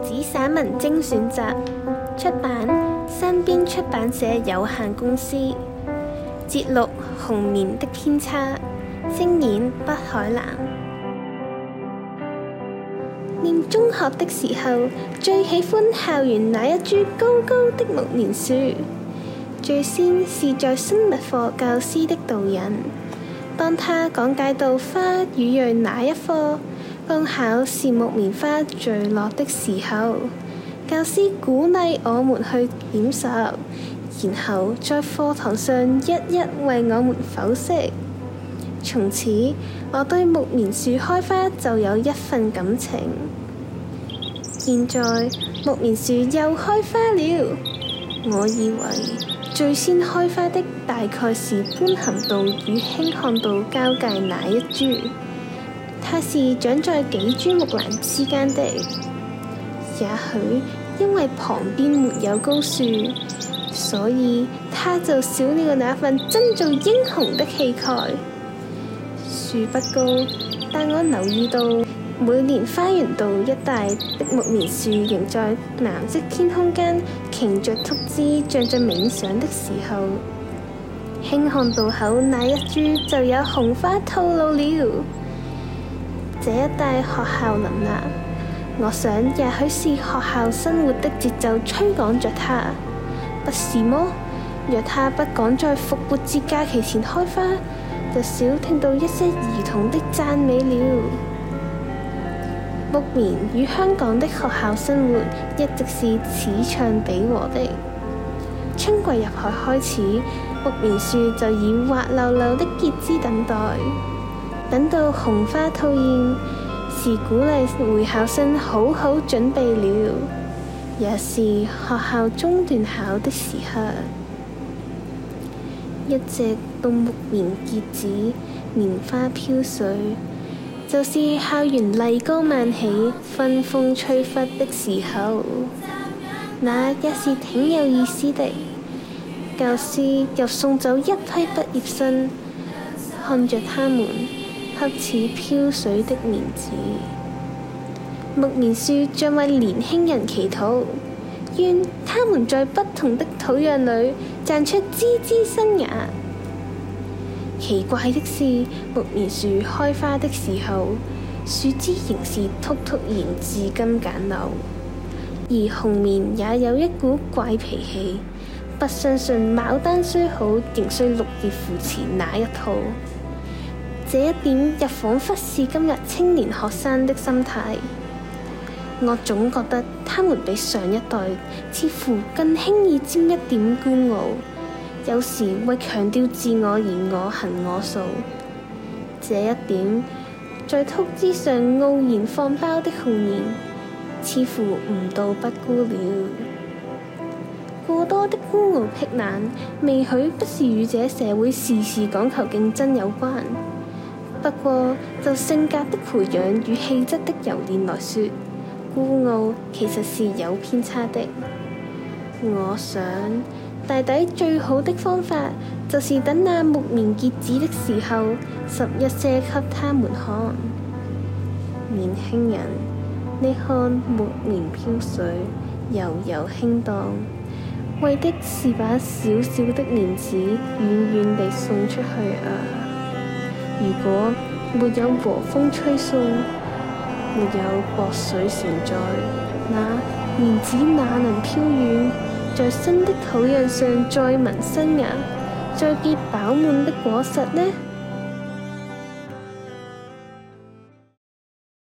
何紫散文精選集出版，山邊出版社有限公司。節錄《紅棉的偏差》，聲演：畢愷嵐 念中學的時候，最喜歡校園那一株高高的木棉樹。最先是在生物課教師的導引，當他講解到花與蕊那一課。剛巧是木棉花墜落的時候，教師鼓勵我們去撿拾，然後在課堂上一一為我們剖析。從此，我對木棉樹開花就有一份感情。現在木棉樹又開花了，我以為最先開花的大概是般咸道與興漢道交界那一株。它是長在幾株木蘭之間的，也許因為旁邊沒有高樹，所以它就少了那份真做英雄的氣概。樹不高，但我留意到每年花園道一帶的木棉樹，仍在藍色天空間擎着禿枝，像在冥想的時候，輕漢道口那一株就有紅花透露了。這一帶學校林立，我想也許是學校生活的節奏催趕着他，不是麼？若他不趕在復活節假期前開花，就少聽到一些兒童的讚美了。木棉與香港的學校生活一直是此唱彼和的。春季入學開始，木棉樹就以滑溜溜的結枝等待。等到紅花吐豔，是鼓勵會考生好好準備了；也是學校中段考的時刻。一直到木棉結子，棉花飄絮，就是校園麗岡萬起，薰風吹拂的時候。那也是挺有意思的。教師又送走一批畢業生，看着他們。恰似飄水的棉子，木棉樹將為年輕人祈禱，願他們在不同的土壤裏綻出枝枝新芽。奇怪的是，木棉樹開花的時候，樹枝仍是禿禿然，至今簡陋。而紅棉也有一股怪脾氣，不相信牡丹雖好，仍需綠葉扶持那一套。這一點又仿佛是今日青年學生的心態。我總覺得他們比上一代似乎更輕易沾一點孤傲，有時為強調自我而我行我素。這一點在禿枝上傲然放苞的紅棉，似乎唔到不孤了。過多的孤傲僻冷，未許不是與這社會時時講求競爭有關。不過就性格的培養與氣質的修煉來說，孤傲其實是有偏差的。我想，大抵最好的方法，就是等那木棉結子的時候，拾一些給他們看。年輕人，你看木棉飄水，柔柔輕蕩，為的是把小小的蓮子遠遠地送出去啊！如果沒有和風吹送，沒有薄水承載，那燕子哪能飄遠，在新的土壤上再萌新芽，再結飽滿的果實呢？